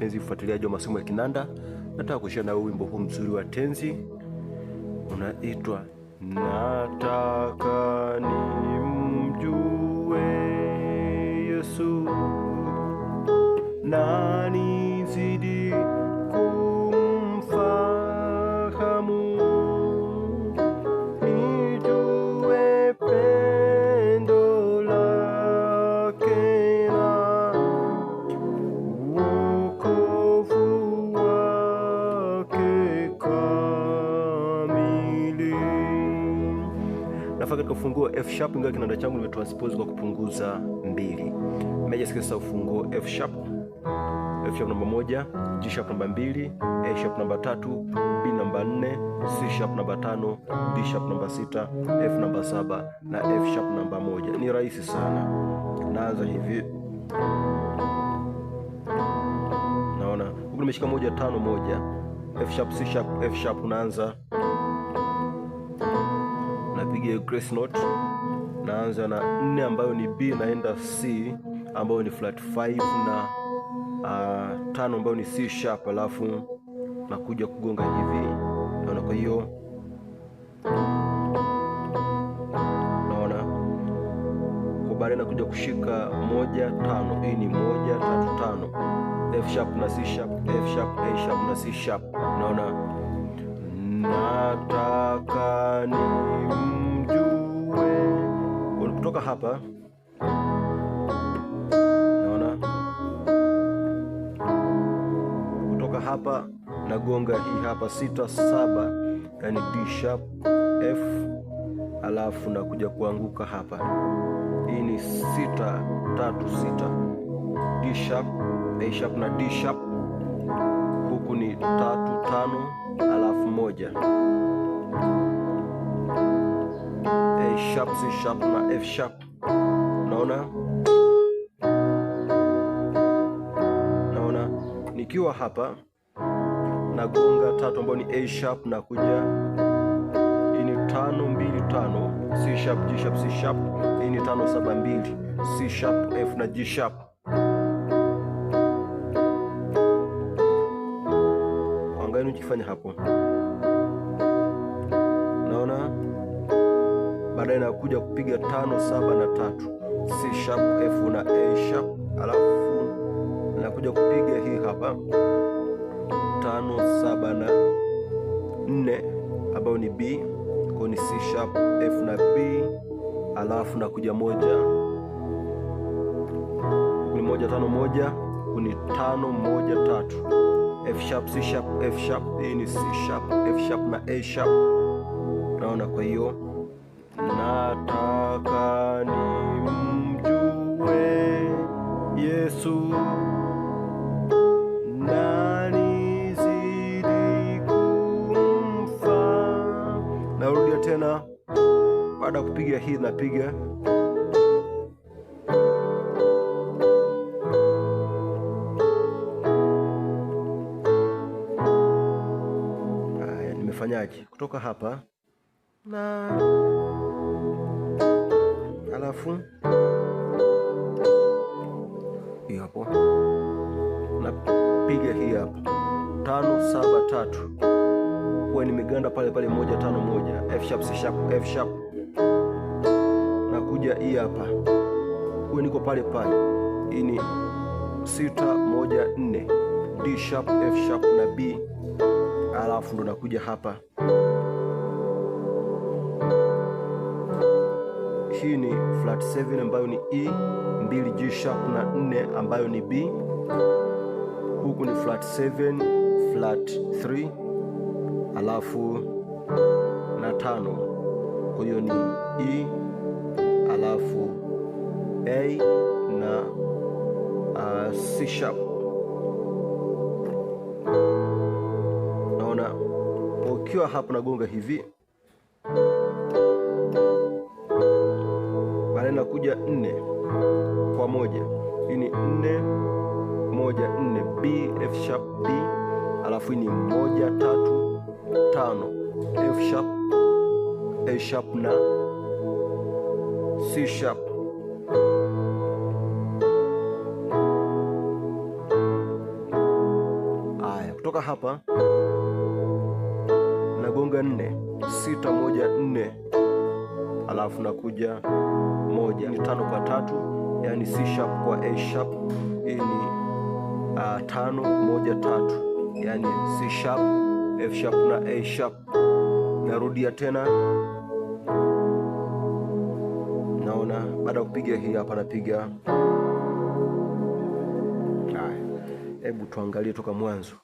mpenzi mfuatiliaji wa masomo ya kinanda, nataka kushia na wimbo huu mzuri wa tenzi unaitwa nataka nimjue Yesu na sharp, ingawa kinanda changu nimetranspose kwa kupunguza mbili. Meja sikesa ufungo F sharp, F sharp namba moja, G sharp namba mbili, A sharp namba tatu, B namba nne, C sharp namba tano, D sharp namba sita, F namba saba na F sharp namba moja. Ni rahisi sana. Naanza hivi, naona huku nimeshika moja tano moja, F sharp, C sharp, F sharp, unaanza napiga grace note, naanza na nne ambayo ni B, naenda C ambayo ni flat 5 na uh, tano ambayo ni C sharp, alafu nakuja kugonga hivi, naona. Kwa hiyo naona kwa baadaye nakuja kushika moja tano, hii ni moja tatu tano, F sharp na C sharp, F sharp, A sharp na C sharp, naona hapa, naona kutoka hapa nagonga hii hapa sita saba, yani D sharp F, alafu nakuja kuanguka hapa. Hii ni sita tatu sita, D sharp A sharp na D sharp. Huku ni tatu tano, alafu moja A sharp, C sharp na F sharp. Unaona, naona nikiwa hapa nagonga tatu ambayo ni A sharp na kuja ini tano mbili tano C sharp G sharp C sharp. ini tano saba mbili C sharp F na G sharp. Angalia nikifanya hapo, naona baadaye nakuja kupiga tano saba na tatu C sharp F na A sharp, alafu nakuja kupiga hii hapa tano saba na nne ambayo ni B kwa ni C sharp F na B, alafu nakuja moja ni moja tano moja kuni tano moja tatu F sharp C sharp F sharp. Hii ni C sharp F sharp na A sharp, naona kwa hiyo nataka ni mjue Yesu nanizidi kumfa. Narudia tena, baada ya kupiga hii napiga Fanyaje kutoka hapa na halafu hii hapo napiga hii hapa tano saba tatu, kuwa nimeganda pale pale moja tano moja, F sharp C sharp F sharp, nakuja hii hapa kuwa niko pale pale. Hii ni sita moja nne, D sharp F sharp na B, alafu ndo nakuja hapa ni flat 7 ambayo ni E, mbili G sharp na 4 ambayo ni B. Huku ni flat 7, flat 3 alafu na tano, kwa hiyo ni E alafu A na uh, C sharp. Naona ukiwa hapo nagonga hivi zinakuja nne kwa moja. Hii ni nne moja nne B F sharp B, alafu ni moja tatu tano F sharp A sharp na C sharp. Aya, kutoka hapa nagonga nne sita moja nne alafu nakuja moja ni tano kwa tatu, yani C sharp kwa A sharp. Hii ni uh, tano moja tatu, yani C sharp, F sharp na A sharp. Narudia tena, naona baada ya kupiga hii hapa napiga. hebu tuangalie toka mwanzo.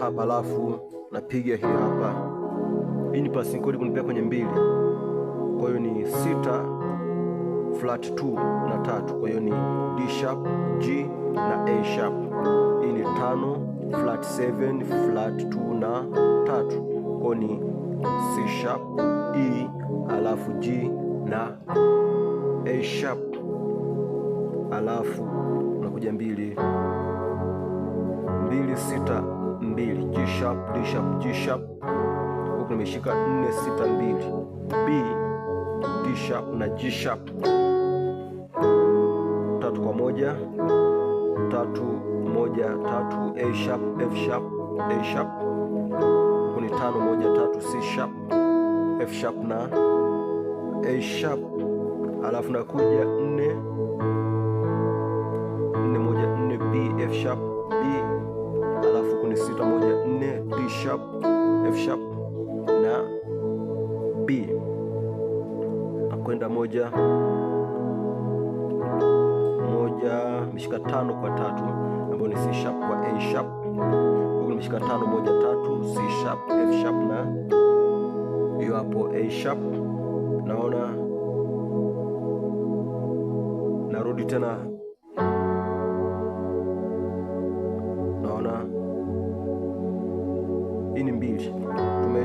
hapa, alafu napiga hii hapa. Hii ni passing chord kunipea kwenye mbili, kwa hiyo ni sita flat 2 na tatu, kwa hiyo ni D sharp, G na A sharp. Hii ni tano flat 7 flat 2 na tatu, kwa hiyo ni C sharp, E alafu G na A sharp, alafu unakuja mbili mbili sita mbili G sharp, D sharp, G sharp huku nimeshika nne sita mbili B, D sharp na G sharp, tatu kwa moja, tatu moja tatu, A sharp, F sharp, A sharp huku ni tano moja tatu, C sharp, F sharp na A sharp, alafu nakuja nne nne moja nne B, F sharp, B ni sita moja nne D sharp, F sharp na B nakwenda moja moja, mishika tano kwa tatu ambayo ni C sharp kwa A sharp, huku mishika tano moja tatu, C sharp, F sharp na hiyo hapo A sharp. Naona narudi tena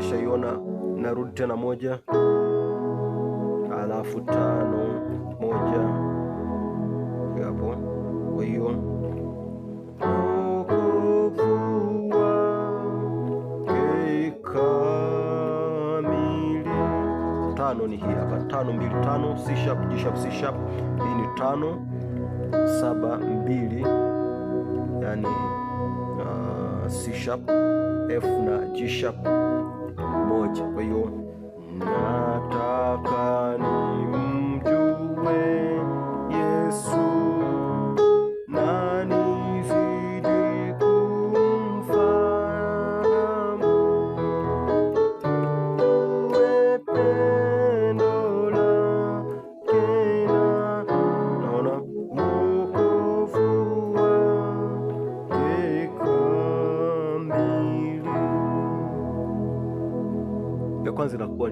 nimeshaiona, narudi tena moja, alafu tano moja hapo. Kwa hiyo tano ni hii hapa, tano mbili tano, C sharp G sharp C sharp. Hii ni tano saba mbili, yani uh, C sharp F na G sharp. Твою на такану.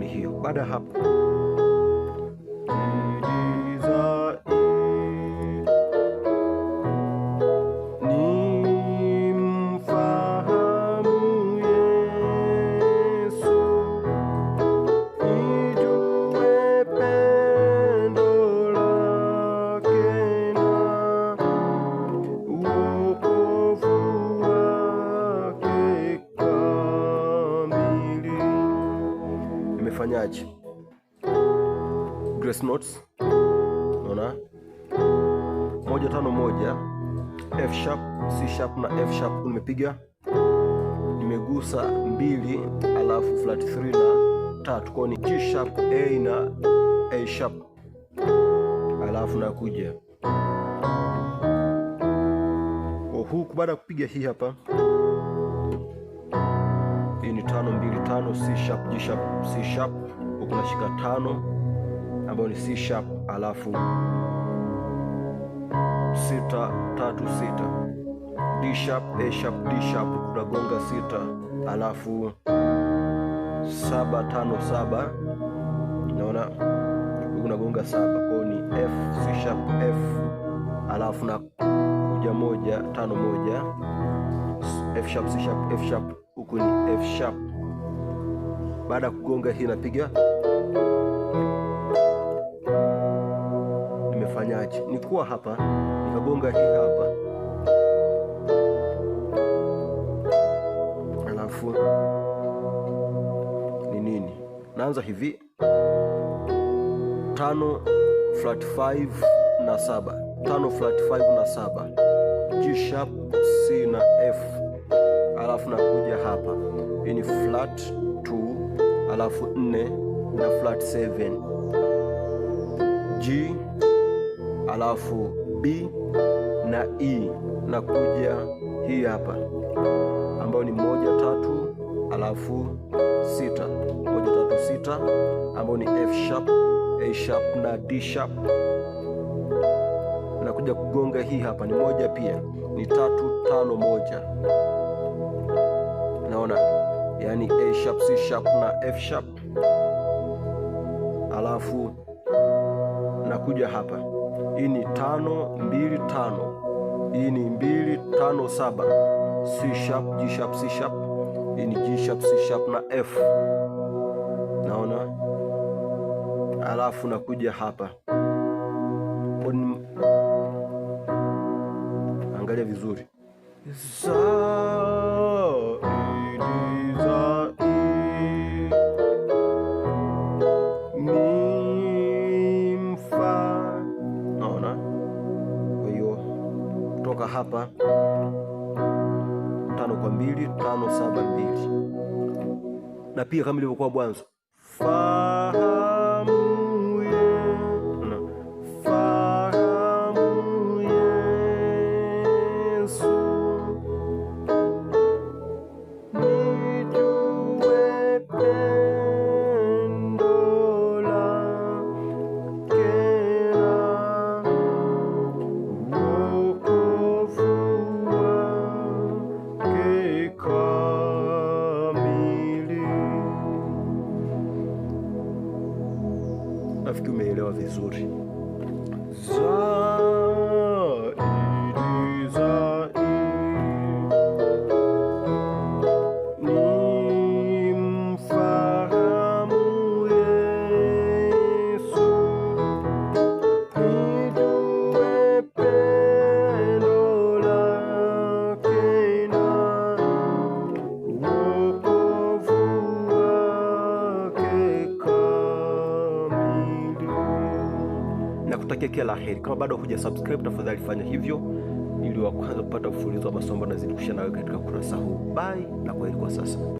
hiểu Badaha progress notes, unaona moja tano moja F sharp, C sharp na F sharp nimepiga, nimegusa mbili, alafu flat 3 na tatu, kwa ni G sharp A na A sharp, alafu nakuja oh, huku baada ya kupiga hii hapa, hii ni tano mbili tano, C sharp G sharp C sharp, huku nashika tano ambayo ni C sharp alafu sita tatu sita D sharp A sharp D sharp tunagonga 6 alafu saba tano saba naona unagonga saba kwao ni F C sharp F alafu na kuja moja tano moja F sharp C sharp F sharp huku ni F sharp. Baada ya kugonga hii napiga ufanyaje? Ni kuwa hapa nikagonga hii hapa, alafu ni nini, naanza hivi tano flat 5 na saba, tano flat 5 na saba, G sharp, C na F, alafu nakuja hapa, hii ni flat 2 alafu 4 na flat 7 G alafu B na E na kuja hii hapa ambayo ni moja tatu alafu sita moja tatu sita ambayo ni F sharp, A sharp na D sharp. Nakuja kugonga hii hapa ni moja pia ni tatu tano moja, naona yani A sharp, C sharp na F sharp, alafu nakuja hapa hii ni tano mbili tano, hii ni mbili tano saba, C sharp G sharp C sharp, hii ni G sharp C sharp na F, naona. Alafu nakuja hapa angalia vizuri Zaidi. saba tano kwa mbili tano saba mbili, na pia kama ilivyokuwa mwanzo fa meu hoje. kila la heri. Kama bado huja subscribe, tafadhali fanya hivyo ili wa kwanza kupata mfululizo wa masomo na zidukisha nawe katika kurasa huu. Bye na kwaheri kwa sasa.